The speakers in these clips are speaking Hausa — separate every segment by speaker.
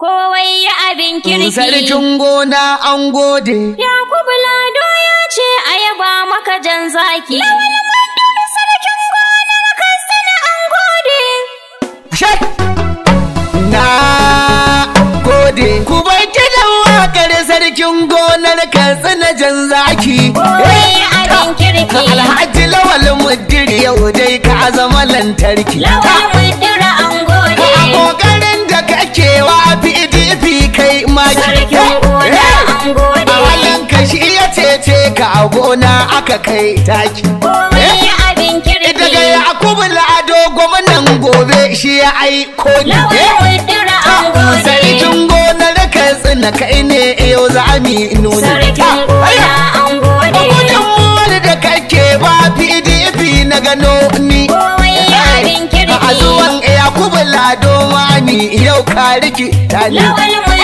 Speaker 1: Kowai ya abin kirki. Sarkin gona an gode. Yakubu Lado ya ce a yaba maka jan zaki. Lawal Mandulu sarkin gonar Katsina an gode. Shek! Na gode. Ku bai kiɗan waƙar sarkin gonar Katsina jan zaki. Kowai ya abin kirki. Ka Alhaji Lawal Mudir yau dai ka zama lantarki. Lawal PDP kai maki eh, eh. a halin ka ya cece ka a gona aka kai taki eh. daga yakubu la'ado gwamnan gobe shi ya aiko ah, sarkin gonar ka tsina kai ne yau za mi nuna ah, gudunmuwar da kake ba pdp na gano ni a zuwan ado mami yau ka riki tani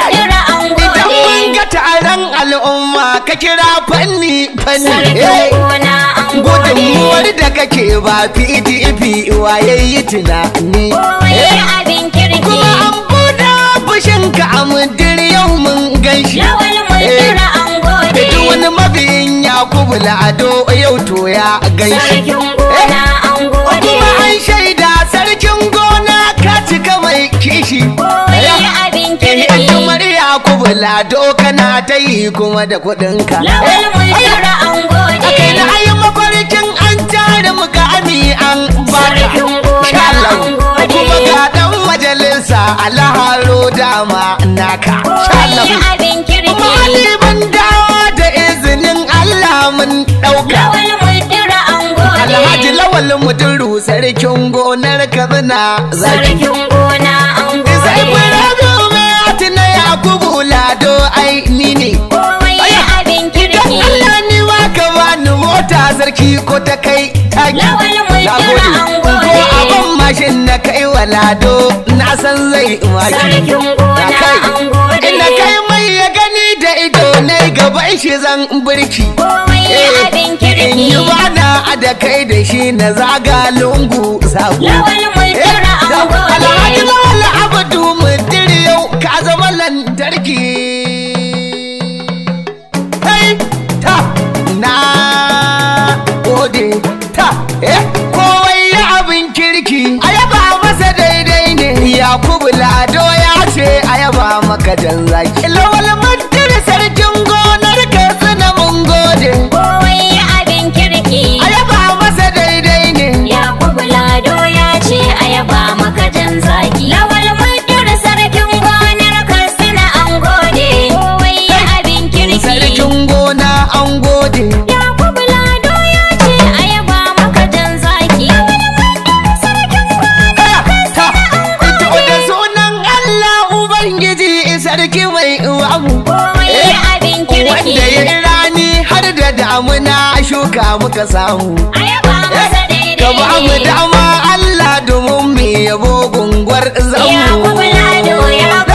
Speaker 1: idan mun ga taron al'umma ka kira fanni fanni gudunmuwar da kake ba pdp waye yi tunani kuma an buɗe ka a mudir yau mun gan shi wani mabiyin yakubu la'ado yau to ya gan shi kuma an shaida sarkin gona cika mai kishi Wani abin eh, eh, kirki Mariya kubula doka na ta yi kuma da kuɗinka Lawal mun jira an gode Akai na ayi mafarkin an tare muka ami an baka Shalom Kuma ga ɗan majalisa alharo dama naka Shalom Wani abin kirki Maliban dawa da izinin Allah mun ɗauka Awal muduru sarkin gonar Katsina. Sarkin gona an gode. Sai fara Yakubu Lado ai ne. abin ka bani mota sarki ko ta kai Ko abin mashin na kai wa Lado na san zai waki Sarkin gona Ina kai mai ya gani da ido na gaban shi zan birki. Komai eh, abin kirki. da kai da shi na zaga lungu sako eh, alhaji lawal abdu mutiri yau ka zama lantarki ta na gode ta eh, kowai ya abin kirki a yaba masa daidai ne yakubu lado ya ce a yaba maka jan zaki gode Lado ya ce a yaba maka dan zaki Da sunan Allah Ubangiji sarki mai uwamu Wanda ya rani har da damuna shuka muka samu A yaba masa daidai Ka ba mu dama Allah domin mu yabo gungwar zamu Yakubu Lado ya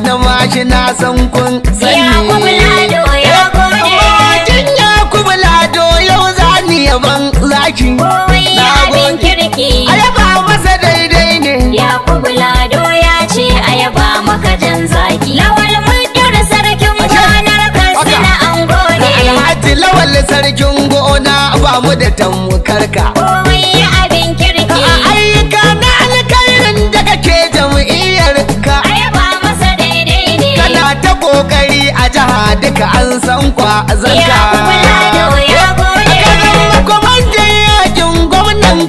Speaker 1: na mashi na san kun sani ya ya gode ya yau za ni yaban zaki masa daidai ne ya ya ce ayaba maka jan zaki lawal sarkin na lawal sarkin gona ba mu da tamukarka ka an san kwa zanka kwamanjan gwamnan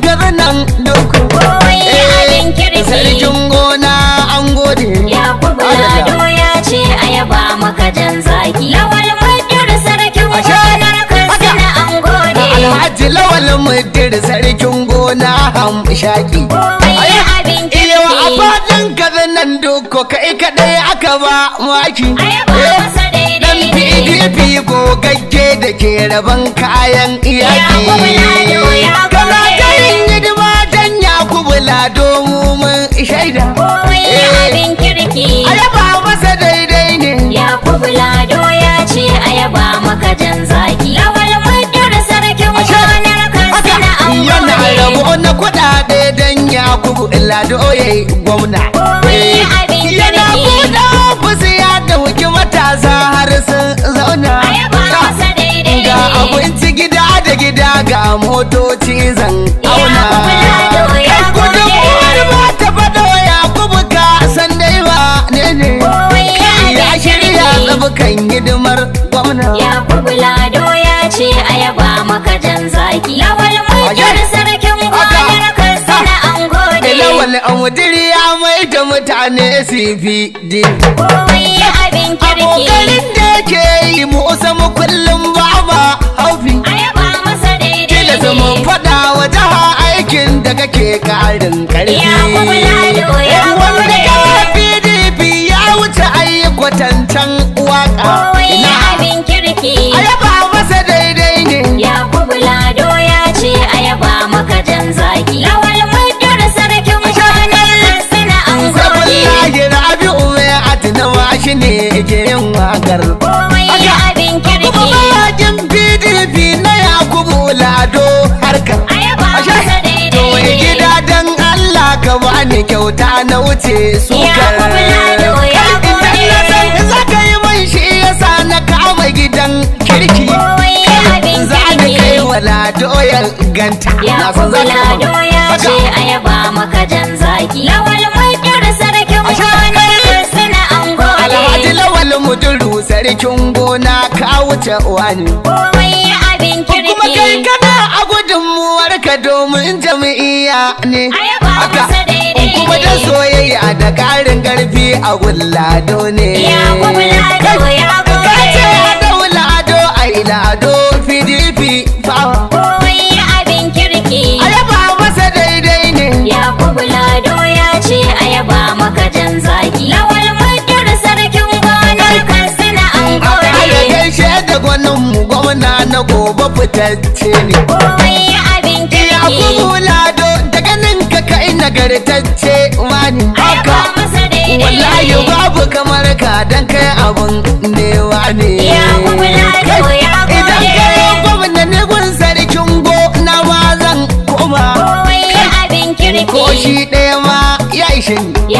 Speaker 1: eh, sarkin gona an gode lado ya ce a yaba maka jan zaki lawal mudir sarkin gonar kansina an gode sarkin gona abin kirki a fadin doko ka kai kadai aka ba maki a yaba eh, masa PDP gogagge da ke rabon kayan iyaki Kaza ta yin hidima dan Yakubu Lado mu mun shaida Komai abin kirki Ayaba masa daidai ne Yakubu Lado ya ce ayaba maka jan zaki Lawal muddar sarkin gonar kansana an Yana rabo na kuɗaɗe dan Yakubu Lado ya yi gwamna motoci zan auna kan ba ta fado ya kubuka san dai ne ne ya shirya tsabukan hidimar gwamna ya kubula ya ce ayaba maka jan zaki lawal mulkin sarkin gwanar karsana an gode lawal amudiri ya mai da mutane cpd komai abin kirki abokanin da ke yi mu kullum ba yanzu mun faɗa wa jaha aikin da kake ƙarin ƙarfi yan wanda ka pdp ya wuce ayi kwatancan waka ina abin kirki ayaba masa daidai ne ya Lado ya ce ayaba maka jan zaki lawal muddar sarkin shanayen sana an zaɓi rabi'u mai adina shi ne lado harka. to gida dan Allah ka bani kyauta na wuce sukar idan na ka yi man shi yasa na kama gidan kirki za ni kai wa lado yan ganta na san ya ce ayaba maka jan zaki lawal mai kira sarkin wani suna ango alhaji lawal muduru sarkin gona ka wuce wani komai kai kana a gudunmuwar ka domin jami'iya ne aka kuma da soyayya da ƙarin garfi a gullado ne nagartacce ne komai abin ki ya kuma lado da ganin ka kai nagartacce wani haka wallahi babu kamar ka dan kai abun ne wani ya kuma lado ya kuma idan kai gwamna ne gun sarkin go na ma zan koma komai abin kirki ko shi ɗaya ma ya ishe ni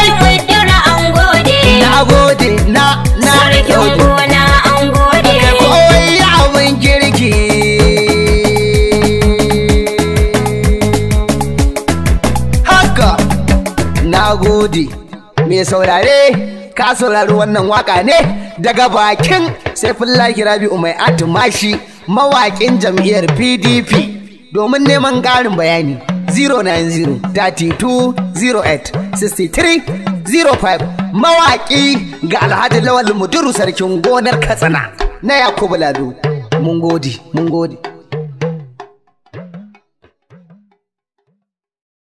Speaker 1: ka saurari wannan waka ne daga bakin saifullahi rabi'u mai atumashi mawakin jam'iyyar pdp domin neman ƙarin bayani 09032086305 mawaki ga alhaji lawal muduru sarkin gonar katsina na yakubu lado mun gode mun gode